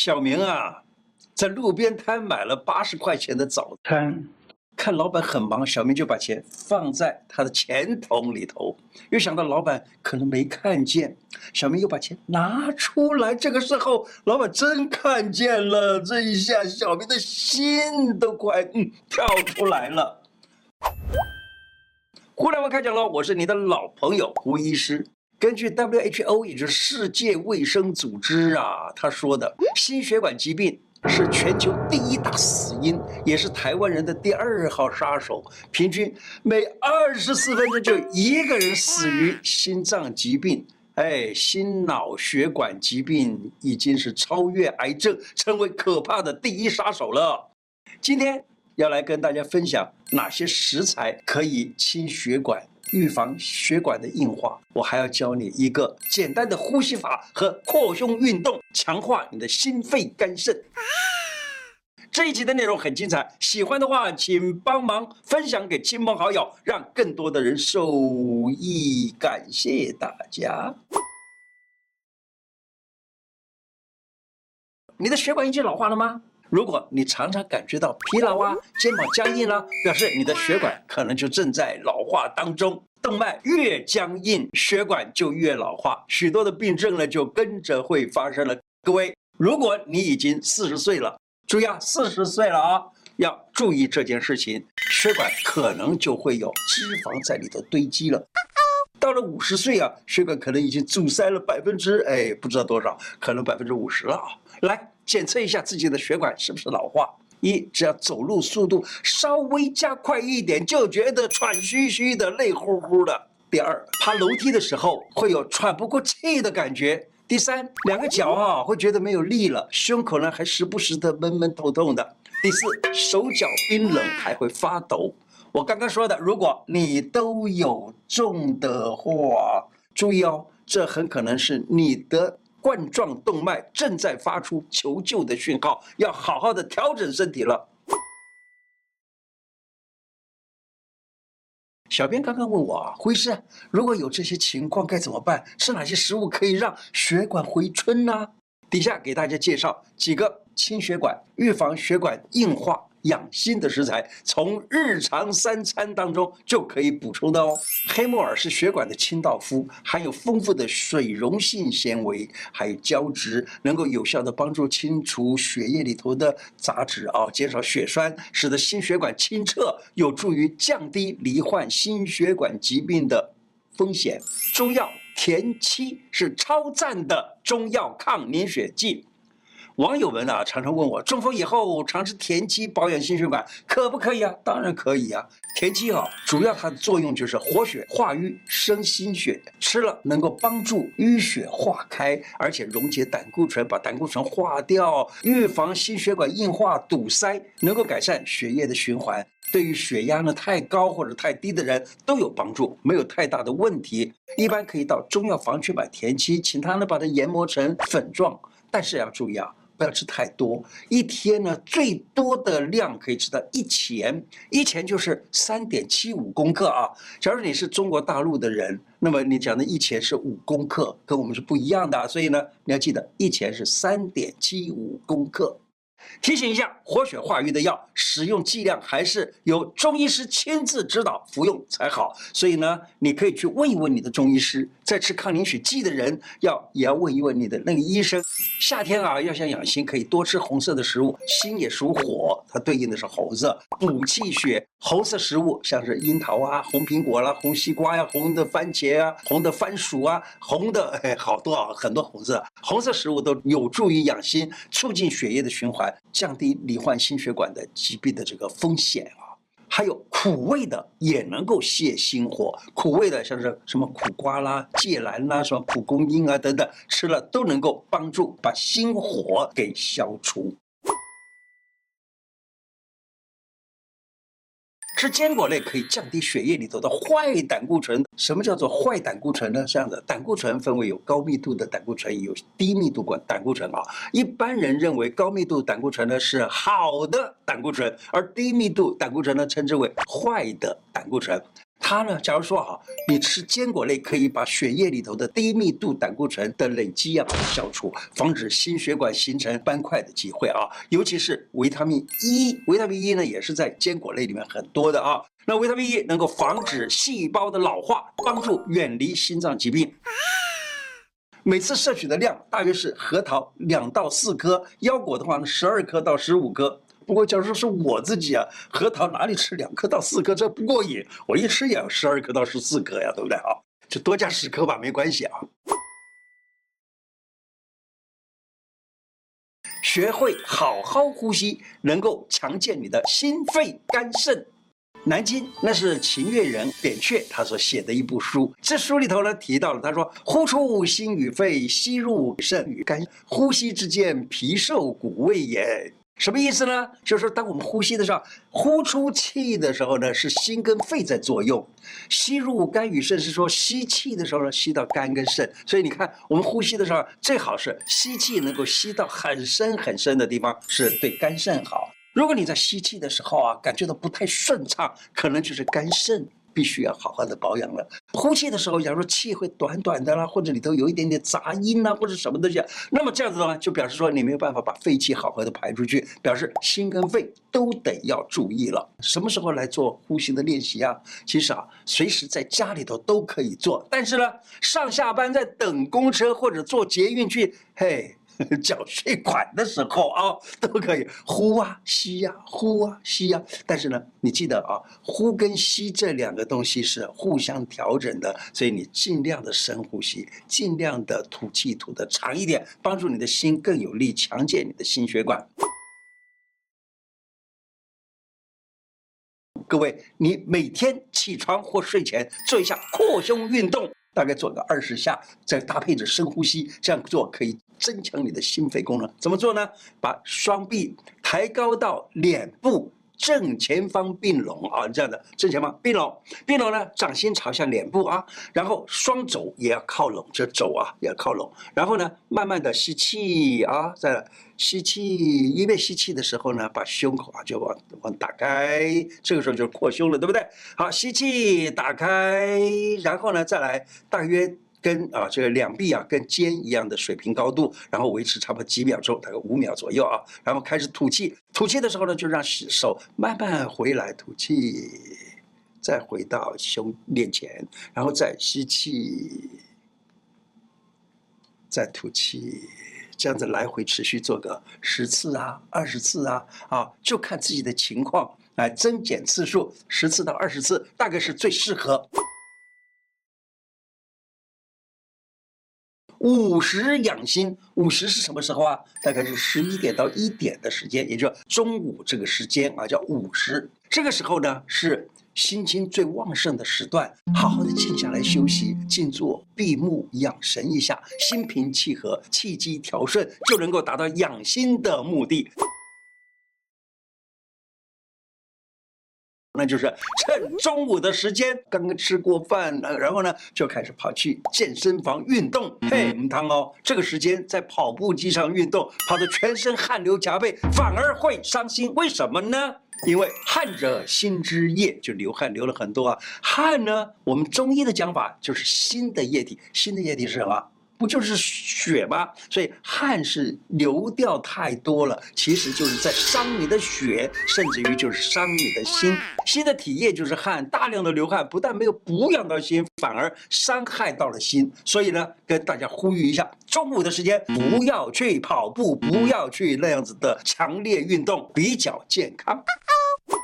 小明啊，在路邊攤買了八十塊錢的早餐，嗯、看老板很忙，小明就把錢放在他的錢桶裡頭。又想到老板可能沒看見，小明又把錢拿出來。這個時候，老板真看見了，這一下小明的心都快嗯跳出來了。胡乃文開講了，我是你的老朋友胡醫師。根據 WHO，也就是世界衛生組織啊，他說的心血管疾病是全球第一大死因，也是台灣人的第二號殺手。平均每二十四分鐘就一個人死於心臟疾病，哎，心腦血管疾病已經是超越癌症，成為可怕的第一殺手了。今天要來跟大家分享哪些食材可以清血管。預防血管的硬化，我還要教你一個簡單的呼吸法和擴胸運動，強化你的心肺肝腎。 這一集的內容很精彩，喜歡的話請幫忙分享給親朋好友，讓更多的人受益。感謝大家！ 你的血管已經老化了嗎？如果你常常感覺到疲勞啊，肩膀僵硬了、啊，表示你的血管可能就正在老化當中。動脈越僵硬，血管就越老化，許多的病症呢就跟着會發生了。各位，如果你已經四十歲了，注意啊，四十歲了啊，要注意這件事情，血管可能就會有脂肪在裡頭堆積了。到了五十歲啊，血管可能已經阻塞了百分之哎，不知道多少，可能百分之五十了啊。來檢測一下自己的血管是不是老化。一，只要走路速度稍微加快一點，就覺得喘吁吁的、累乎乎的。第二，爬樓梯的時候會有喘不過氣的感覺。第三，兩個腳啊會覺得沒有力了，胸口呢還時不時的悶悶痛痛的。第四，手腳冰冷還會發抖。我剛剛說的，如果你都有中的話，注意哦，這很可能是你的。冠狀動脈正在發出求救的訊號，要好好的調整身體了。小編剛剛問我，胡醫師，如果有這些情況該怎麼辦？吃哪些食物可以讓血管回春呢？底下給大家介紹幾個清血管、預防血管硬化、養心的食材，從日常三餐當中就可以補充的哦。黑木耳是血管的清道夫，含有豐富的水溶性纖維，還有膠質，能夠有效的幫助清除血液裡頭的雜質啊，減少血栓，使得心血管清澈，有助於降低罹患心血管疾病的風險。中藥田七是超讚的中藥抗凝血劑。網友們啊，常常問我中風以後常吃田七保養心血管可不可以啊？當然可以啊，田七啊，主要它的作用就是活血化瘀、生心血，吃了能夠幫助淤血化開，而且溶解膽固醇，把膽固醇化掉，預防心血管硬化堵塞，能夠改善血液的循環。對於血壓呢太高或者太低的人都有幫助，沒有太大的問題。一般可以到中藥房去買田七，請他呢把它研磨成粉狀，但是要注意啊。不要吃太多，一天呢最多的量可以吃到一錢，一錢就是三點七五公克啊。假如你是中國大陸的人，那麼你講的一錢是五公克，跟我們是不一樣的，啊。所以呢，你要記得一錢是三點七五公克。提醒一下，活血化瘀的藥使用劑量還是由中醫師親自指導服用才好。所以呢，你可以去問一問你的中醫師。在吃抗凝血劑的人要也要問一問你的那個醫生。夏天啊，要想養心，可以多吃紅色的食物。心也屬火，它對應的是紅色，補氣血。紅色食物像是櫻桃啊、紅蘋果啦、啊、紅西瓜呀、啊、紅的番茄啊、紅的番薯啊、紅的、哎、好多啊，很多紅色。紅色食物都有助於養心，促進血液的循環，降低罹患心血管的疾病的這個風險啊。還有苦味的也能夠瀉心火，苦味的像是什麼苦瓜啦、芥蘭啦、什麼蒲公英啊等等，吃了都能夠幫助把心火給消除。吃堅果類可以降低血液裡頭的壞膽固醇。什麼叫做壞膽固醇呢？是這樣的，膽固醇分為有高密度的膽固醇，有低密度管膽固醇啊。一般人認為高密度膽固醇呢，是好的膽固醇，而低密度膽固醇呢，稱之為壞的膽固醇。它呢，假如說哈、啊，你吃堅果類可以把血液裡頭的低密度膽固醇的累積呀、啊、消除，防止心血管形成斑塊的機會啊。尤其是維他命 E，維他命 E 呢也是在堅果類裡面很多的啊。那維他命 E 能夠防止細胞的老化，幫助遠離心臟疾病。每次攝取的量大約是核桃兩到四顆，腰果的話呢十二顆到十五顆。不過，假如說是我自己啊，核桃哪裡吃兩顆到四顆，這不過癮。我一吃也要十二顆到十四顆呀，對不對啊？就多加十顆吧，沒關係啊。學會好好呼吸，能夠強健你的心肺肝腎。《難經》那是秦越人扁鵲他所寫的一部書，這書裡頭呢提到了，他說：呼出心與肺，吸入腎與肝，呼吸之間，脾受穀味也。什麼意思呢？就是說當我們呼吸的時候，呼出氣的時候呢，是心跟肺在作用；吸入肝與腎是說吸氣的時候呢，吸到肝跟腎。所以你看，我們呼吸的時候最好是吸氣能夠吸到很深很深的地方，是對肝腎好。如果你在吸氣的時候啊，感覺到不太順暢，可能就是肝腎。必須要好好的保養了。呼氣的時候，假如說氣會短短的啦，或者裡頭有一點點雜音吶、啊，或者什麼東西、啊，那麼這樣子的話，就表示說你沒有辦法把廢氣好好的排出去，表示心跟肺都得要注意了。什麼時候來做呼吸的練習啊？其實啊，隨時在家裡頭都可以做，但是呢，上下班在等公車或者坐捷運去，嘿。繳稅款的時候啊，都可以呼啊吸呀、啊，呼啊吸呀、啊。但是呢，你記得啊，呼跟吸這兩個東西是互相調整的，所以你盡量的深呼吸，盡量的吐氣吐的長一點，幫助你的心更有力，強健你的心血管。各位，你每天起床或睡前做一下擴胸運動。大概做個二十下，再搭配着深呼吸，這樣做可以增強你的心肺功能。怎麼做呢？把雙臂抬高到臉部。正前方併攏啊，這樣的正前方併攏，併攏呢，掌心朝向臉部啊，然後雙肘也要靠攏，這肘啊也要靠攏，然後呢，慢慢的吸氣啊，再來吸氣，因為吸氣的時候呢，把胸口啊就往往打開，這個時候就是擴胸了，對不對？好，吸氣打開，然後呢再來大約。跟啊，這個兩臂啊，跟肩一樣的水平高度，然後維持差不多幾秒鐘，大概五秒左右啊。然後開始吐氣，吐氣的時候呢，就讓手慢慢回來吐氣，再回到胸面前，然後再吸氣，再吐氣，這樣子來回持續做個十次啊，二十次啊，啊，就看自己的情況來增減次數，十次到二十次大概是最適合。午時養心，午時是什麼時候啊？大概是十一點到一點的時間，也就是中午這個時間啊，叫午時。這個時候呢，是心經最旺盛的時段，好好的靜下來休息、靜坐、閉目養神一下，心平氣和，氣機調順，就能夠達到養心的目的。那就是趁中午的時間，剛剛吃過飯了，然後呢就開始跑去健身房運動。嘿、mm，我們、hmm、hey，母湯哦，這個時間在跑步機上運動，跑得全身汗流浹背，反而會傷心。為什麼呢？因為汗者心之液，就流汗流了很多啊。汗呢，我們中醫的講法就是心的液體，心的液體是什麼？不就是血嗎？所以汗是流掉太多了，其實就是在傷你的血，甚至於就是傷你的心。心的體液就是汗，大量的流汗不但沒有補養到心，反而傷害到了心。所以呢，跟大家呼籲一下，中午的時間不要去跑步，不要去那樣子的強烈運動，比較健康。啊、哈。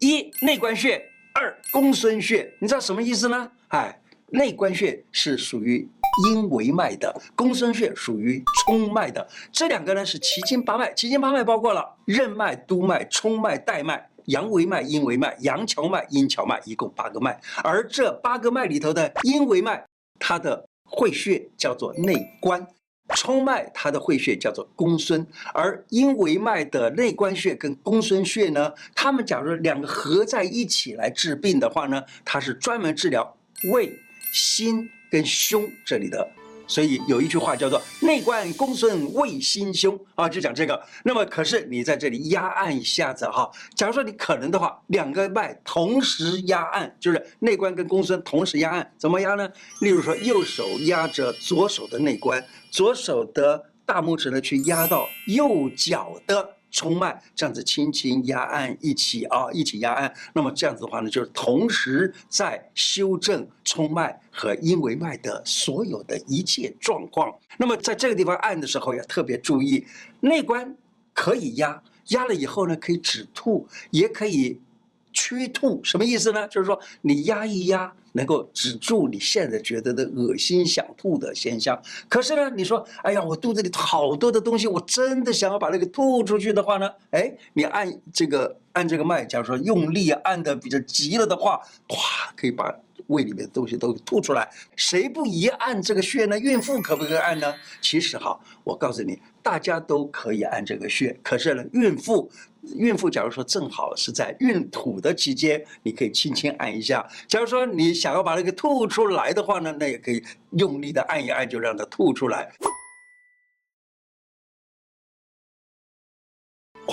一，內關穴。二公孫穴，你知道什麼意思呢？哎，內關穴是屬於陰維脈的，公孫穴屬於衝脈的。這兩個呢是奇經八脈，奇經八脈包括了任脈、督脈、衝脈、帶脈、陽維脈、陰維脈、陽蹺脈、陰蹺脈，一共八個脈。而這八個脈裡頭的陰維脈，它的會穴叫做內關。衝脈它的會穴叫做公孫，而陰維脈的內關穴跟公孫穴呢，它們假如兩個合在一起來治病的話呢，它是專門治療胃、心跟胸這裡的。所以有一句話叫做“內關公孫胃心胸”啊，就講這個。那麼，可是你在這裡壓按一下子哈，假如說你可能的話，兩個脈同時壓按，就是內關跟公孫同時壓按，怎麼壓呢？例如說，右手壓着左手的內關，左手的大拇指呢，去壓到右腳的。衝脈這樣子輕輕壓按一起啊，一起壓、哦、按，那麼這樣子的話呢，就是同時在修正衝脈和陰維脈的所有的一切狀況。那麼在這個地方按的時候要特別注意，內關可以壓，壓了以後呢，可以止吐，也可以。缺吐什麼意思呢？就是說你壓一壓，能夠止住你現在覺得的惡心想吐的現象。可是呢，你說，哎呀，我肚子裡好多的東西，我真的想要把那個吐出去的話呢？哎，你按這個按這個脈，假如說用力按的比較急了的話，嘩，可以把。胃裡面的東西都吐出來，誰不一按這個穴呢？孕婦可不可以按呢？其實哈，我告訴你，大家都可以按這個穴。可是呢，孕婦，孕婦假如說正好是在孕吐的期間，你可以輕輕按一下。假如說你想要把那個吐出來的話呢，那也可以用力的按一按，就讓它吐出來。《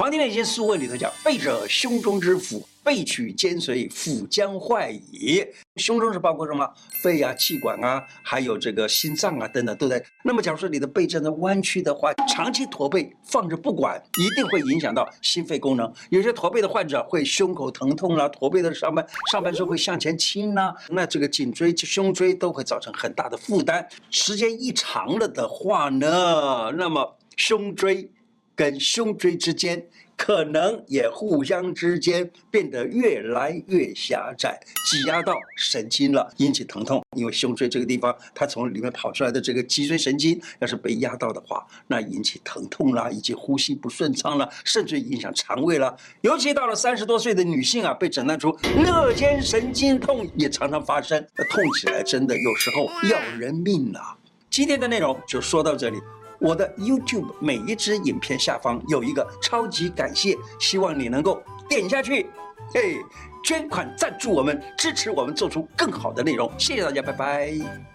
黃帝內經素問》裡頭講，背者胸中之府。背曲肩隨，府將壞矣。胸中是包括什麼？肺啊、氣管啊，還有這個心臟啊等等，對不對？那麼，假如說你的背正在彎曲的話，長期駝背放着不管，一定會影響到心肺功能。有些駝背的患者會胸口疼痛啦、啊，駝背的上半上半身會向前傾啦、啊，那這個頸椎、胸椎都會造成很大的負擔。時間一長了的話呢，那麼胸椎跟胸椎之間。可能也互相之間變得越來越狹窄，擠壓到神經了，引起疼痛。因為胸椎這個地方，它從裡面跑出來的這個脊椎神經，要是被壓到的話，那引起疼痛啦，以及呼吸不順暢了，甚至影響腸胃了。尤其到了三十多歲的女性啊，被診斷出肋間神經痛也常常發生，那痛起來真的有時候要人命吶、啊。今天的內容就說到這裡。我的 YouTube 每一支影片下方有一個超級感謝，希望你能夠點下去，嘿、哎，捐款贊助我們，支持我們做出更好的內容，謝謝大家，拜拜。